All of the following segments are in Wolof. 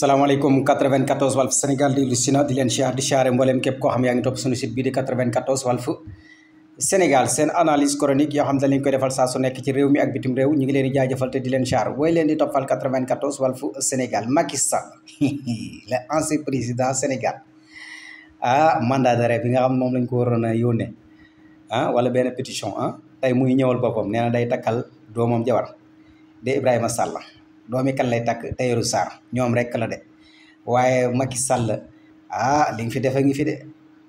salaamaaleykum 94 Walf Sénégal di lu sina di leen siyaar di siyaare mbooleem képp koo xam yaa ngi topp suñu site bii di 94 Walf Sénégal seen analyse chronique yoo xam ne lañ koy defal saa su nekk ci réew mi ak bitim réew ñu ngi leen di jaajëfal te di leen siyaar wooy leen di toppal 94 Walf Sénégal Macky Sall le ancien président Sénégal ah mandat d'arrêt bi nga xam moom lañ ko waroon a yónnee ah wala benn pétition ah tey muy ñëwal boppam nee na day takkal doomam jabar Ibrahima Sall doomi kan lay takk Tahirou Sarr ñoom rek la de waaye maki Sall ah li nga fi defe ngi fi de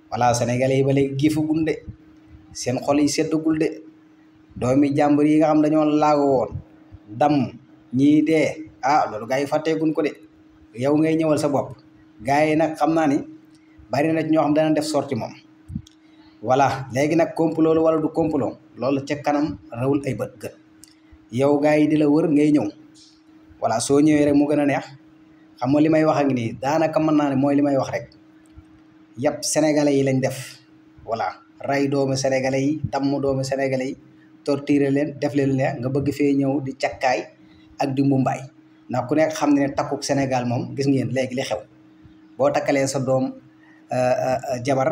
voilà sénégalais yi ba léegi giifagul de seen xol yi seddagul de doomi jàmbur yi nga xam dañoo laago woon dam ñii dee ah loolu gars yi fàtteeguñ ko de yow ngay ñëwal sa bopp gars yi nag xam naa ni bari na ñoo xam dana def sorti moom wala léegi nag complot la wala du complot loolu ca kanam rawul ay bët gën yow gars yi di la wër ngay ñëw voilà soo ñëwee rek mu gën a neex xam nga li may wax ak nii daanaka mën naa ne mooy li may wax rek yàpp sénégalais yi lañ def voilà ray doomu sénégalais yi damm doomu sénégalais yi torturer leen def leen leen nga bëgg fee ñëw di cakkaay ak di mbumbaay ndax ku nekk xam ne ne takkuk Sénégal moom gis ngeen léegi li xew boo takkalee sa doom euh, euh, euh, jabar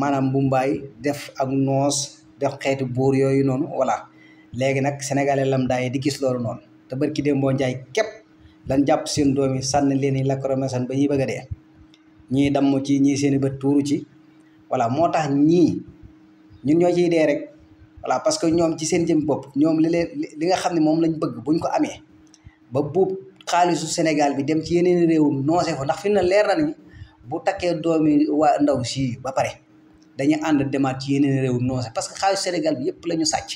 maanaam mbumbaay def ak noos def xeeti buur yooyu noonu voilà léegi nag sénégalais lam daay di gis loolu noonu te barki Dembo Ndiaye képp lan jàpp seen doom yi sànni leen i lacrymogène ba ñuy bëgg a dee ñii damm ci ñii seen i bët tuuru ci voilà moo tax ñii ñu ñoo ciy dee rek voilà parce que ñoom ci seen jëm bopp ñoom li leen li nga xam ne moom lañu bëgg buñ ko amee ba buub xaalisu Sénégal bi dem ci yeneen réewum noose fa ndax fi na leer na ni bu takkee doomi waa ndaw si ba pare dañuy ànd demaat ci yeneen réewum noose parce que xaalisu Sénégal bi yëpp lañu sàcc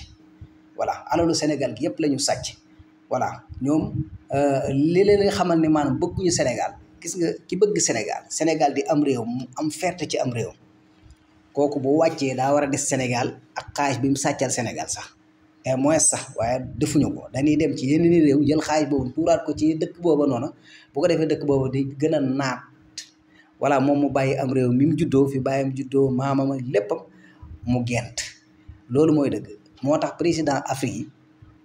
voilà alalu Sénégal yëpp la sàcc voilà ñoom euh, li leen xamal ne maan bëgguñu Sénégal gis nga ki bëgg Sénégal Sénégal di am réew mu am ferte ci am réew kooku bu wàccee daa war a des Sénégal ak xaalis bi mu sàccal Sénégal sax et moins sax waaye defuñu ko dañuy dem ci yeneen réew jël xaalis boobu tuuraat ko ci dëkk boobu noonu bu defee dëkk boobu di gën a naat wala moom mu bàyyi am réew mi mu juddoo fi bàyyam juddoo maamam léppam mu gent loolu mooy dëgg moo tax président Afrique yi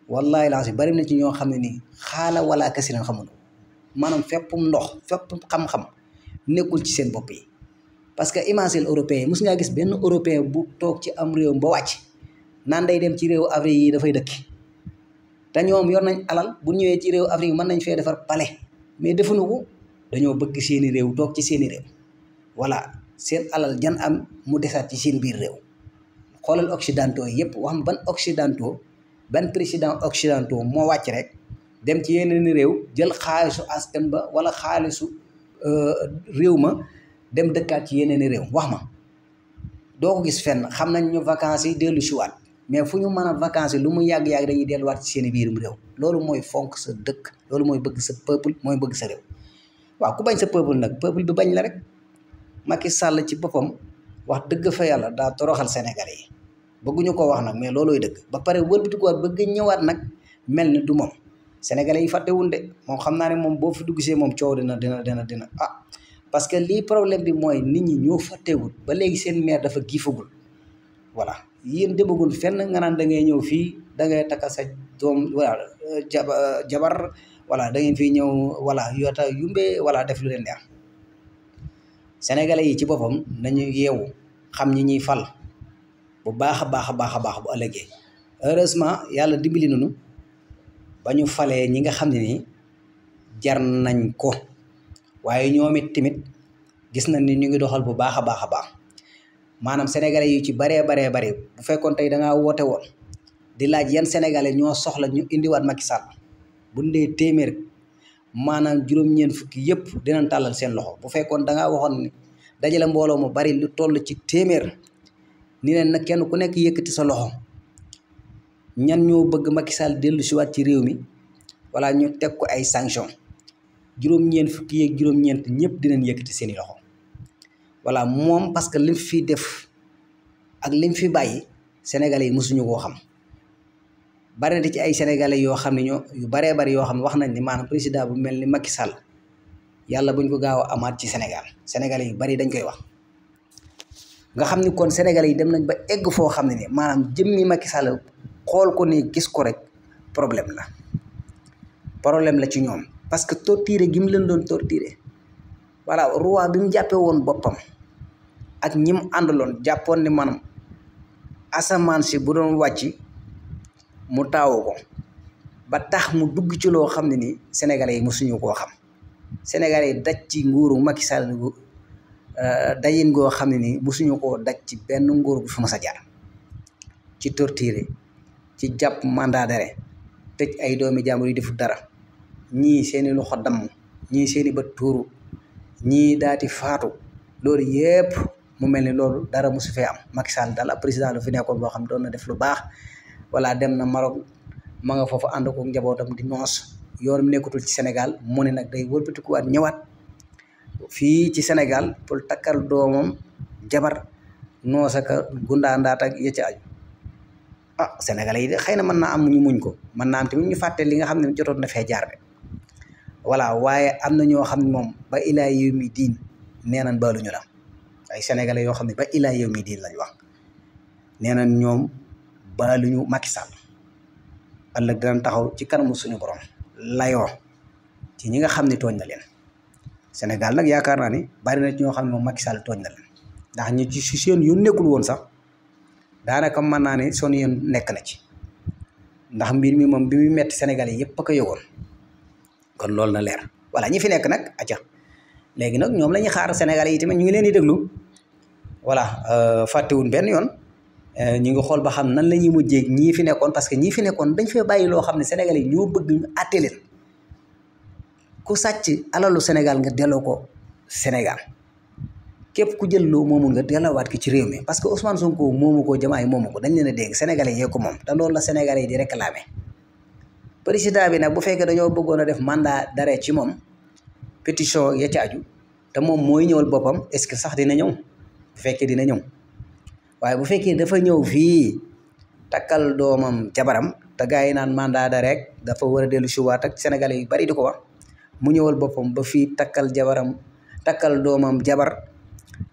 wallaay laa si bari na ci ñoo xam ne nii xaala wala kasi leen xamul maanaam féppum ndox fépp xam-xam nekkul ci seen bopp yi parce que imancel européen yi mos ngaa gis benn européen bu toog ci am réew ba wàcc naan day dem ci réewu Afrique yi dafay dëkk te ñoom yor nañ alal bu ñëwee ci réewu Afrique mën nañ fee defar palais mais defuñu ko dañoo bëgg seeni réew toog ci seeni réew voilà seen alal jan am mu desaat ci seen biir réew xoolal occidentaux yëpp wax ban occidentaux benn président occidentaux moo wàcc rek dem ci yeneen réew jël xaalisu askan ba wala xaalisu euh, réew ma dem dëkkaat ci yeneen réew wax ma doo ko gis fenn xam nañ ñu vacances yi dellu siwaat mais fu ñu mën a vacances yi lu mu yàgg-yàgg dañuy delluwaat ci seeni biirum réew loolu mooy fonk sa dëkk loolu mooy bëgg sa peuple mooy bëgg sa réew waaw ku bañ sa peuple nag peuple bi bañ la rek Macky Sall ci boppam wax dëgg fa yàlla daa toroxal Sénégalais yi bëgguñu ko wax nag mais loolooy dëgg ba pare wëlbatikuwaat bëgg ñëwaat nag mel ni du moom sénégalais yi fàttewuñ de moom xam naa ne moom boo fi duggsee moom coow dina dina dina dina ah parce que lii problème bi mooy nit ñi ñoo fàttewul ba léegi seen maire dafa giifagul voilà yéen demagul fenn nga naan da ngay ñëw fii da ngay takka sa doom voilà jabar voilà da ngeen fii ñëw voilà yoota yumbee voilà def lu leen di am sénégalais yi ci boppam nañu yeewu xam ñi ñuy fal bu baax a baax a baax a baax bu ëllëgee heureusement yàlla dimbali nañu ba ñu falee ñi nga xam ne ni jar nañ ko waaye ñoom it tamit gis nañ ni ñu ngi doxal bu baax a baax a baax maanaam sénégalais yu ci baree baree bare bu fekkoon tey da ngaa woote woon di laaj yan sénégalais ñoo soxla ñu indiwaat Macky Sall bu ñu dee téeméer maanaam juróom-ñeent fukki yëpp dina tàllal seen loxo bu fekkoon da ngaa waxoon ni dajale bari lu toll ci téeméer. ni leen nag kenn ku nekk ti sa loxo ñan ñoo bëgg Macky Sall dellu siwaat ci réew mi wala ñu teg ko ay sanction juróom-ñeent fukki yeeg juróom-ñeent ñëpp dinañ yëkkati seeni loxo voilà moom parce que lim fi def ak lim fi bàyyi sénégalais yi mosuñu koo xam bari na ci ay sénégalais yoo xam ne ñoo yu baree bari yoo xam ne wax nañ ni maanaam président bu mel ni Macky Sall yàlla buñ ko gaaw a amaat ci Sénégal sénégalais yu bari dañ koy wax. nga xam ni kon sénégalais yi dem nañ ba egg foo xam ne ni maanaam jëmmi Macky Sall xool ko ni gis ko rek problème la problème la ci ñoom parce que torturé gi mu leen doon torturé voilà roi bi mu jàppee woon boppam ak ñi mu àndaloon jàppoon ni maanaam asamaan si bu doon wàcc mu taawu ko ba tax mu dugg ci loo xam ne ni sénégalais yi mosuñu koo xam sénégalais yi daj ci nguuru Macky Sall Euh, dayin goo xam ne nii musuñu koo daj ci benn nguur bu fi mës ci torture ci jàpp mandat d'arrêt tëj ay doomi jàmbur yi deful dara ñii seeni loxo damm ñii seeni bët tuuru ñii daati faatu loolu yëpp mu mel ni loolu dara musu fee am Macky Sall daal président lu fi nekkoon boo xam doon na def lu baax wala dem na Maroc ma foofu ànd ko njabootam di noos yoonu mi nekkatul ci senegal mu ne nag day wëlbatikuwaat ñëwaat fii ci senegal pour takkal doomam jabar noosaka gundaandaat ak yëcc aju ah sénégalais yi de xëy na mën naa am ñu muñ ko mën naa am tamit ñu fàtte li nga xam ne jotoon na fee jaar de voilà waaye am na ñoo xam ne moom ba ilaa yow mi diin nee nañ baaluñu la ay sénégalais yoo xam ne ba ilaa yow mi diin lañ wax nee na ñoom baaluñu Macky Sall ëllëg dinañ taxaw ci kanamu suñu borom layoo ci ñi nga xam ne tooñ na leen Sénégal nag yaakaar naa ni bari na ci ñoo xam ne moom Macky tooñ na leen ndax ñu ci si seen yoon nekkul woon sax daanaka mën naa ne son yoon nekk na ci ndax mbir mi moom bi muy metti Sénégal yi yëpp a ko yëgoon kon loolu na leer voilà ñi fi nekk nag acca léegi nag ñoom lañu xaar Sénégal yi tamit ñu ngi leen di déglu voilà euh, wun benn yoon euh, ñu ngi xool ba xam na la ñuy mujjee ñii fi nekkoon parce que ñii fi nekkoon dañ fee bàyyi loo xam ne Sénégal yi ñoo bëgg ñu ku sàcc alalu Sénégal nga delloo ko Sénégal képp ku jël loo moomul nga delloowaat ko ci réew mi parce que Ousmane Sonko moomu ko Diomaye moomu ko dañ leen a dégg sénégalais yee ko moom te loolu la sénégalais yi di réclamer président bi nag bu fekkee dañoo bëggoon a def mandat d'arrêt ci moom pétition ya ci aju te moom mooy ñëwal boppam est-ce que sax dina ñëw bu fekkee dina ñëw waaye bu fekkee dafa ñëw fii takkal doomam jabaram te gars yi naan mandat d'arrêt rek dafa war a dellu si waat ak sénégalais yu bari di ko wax mu ñëwal boppam ba fii takkal jabaram takkal doomam jabar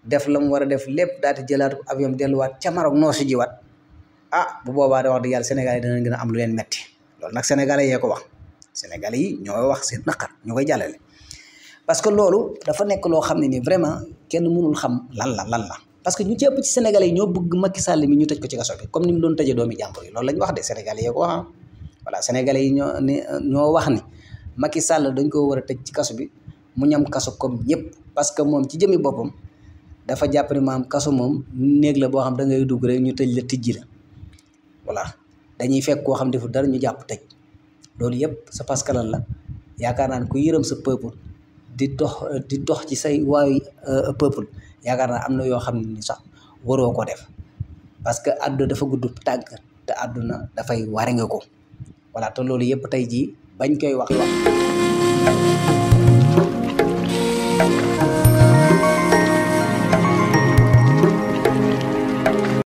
def la mu war a def lépp daal di jëlaat avion delluwaat ca Maroc noosu jiwaat ah bu boobaa da wax dëgg yàlla Sénégal yi danañ gën a am lu leen metti loolu nag yee ko wax sénégalais yi ñoo wax seen naqar ñoo koy jàllale. parce que loolu dafa nekk loo xam ne ni vraiment kenn mënul xam lan la lan la parce que ñu ci ëpp yi ñoo bugg Macky Sall mi ñu tëj ko ci kaso bi comme ni mu doon tëjee doomi jàmbur yi loolu la ñu wax de sénégalais yee ko wax ah voilà yi ñoo ne ñoo wax ni. Macky sàll dañ ko war a tëj ci kasu bi mu ñam kaso comme ñëpp parce que moom ci jëmi boppam dafa jàpp ne maam kasu moom néeg la boo xam da ngay dugg rek ñu tëj la tijji la voilà dañuy fekk koo xam defu dara ñu jàpp tëj loolu yëpp sa parce que lan la yaakaar naa ne ku yërëm sa peuple di dox di dox ci say waayu euh, peuple yaakaar naa am na yoo xam ne sax waroo ko def parce que àdduna dafa gudd tànk te àdduna dafay wari nga ko voilà te loolu yëpp tey jii bañ koy wax wax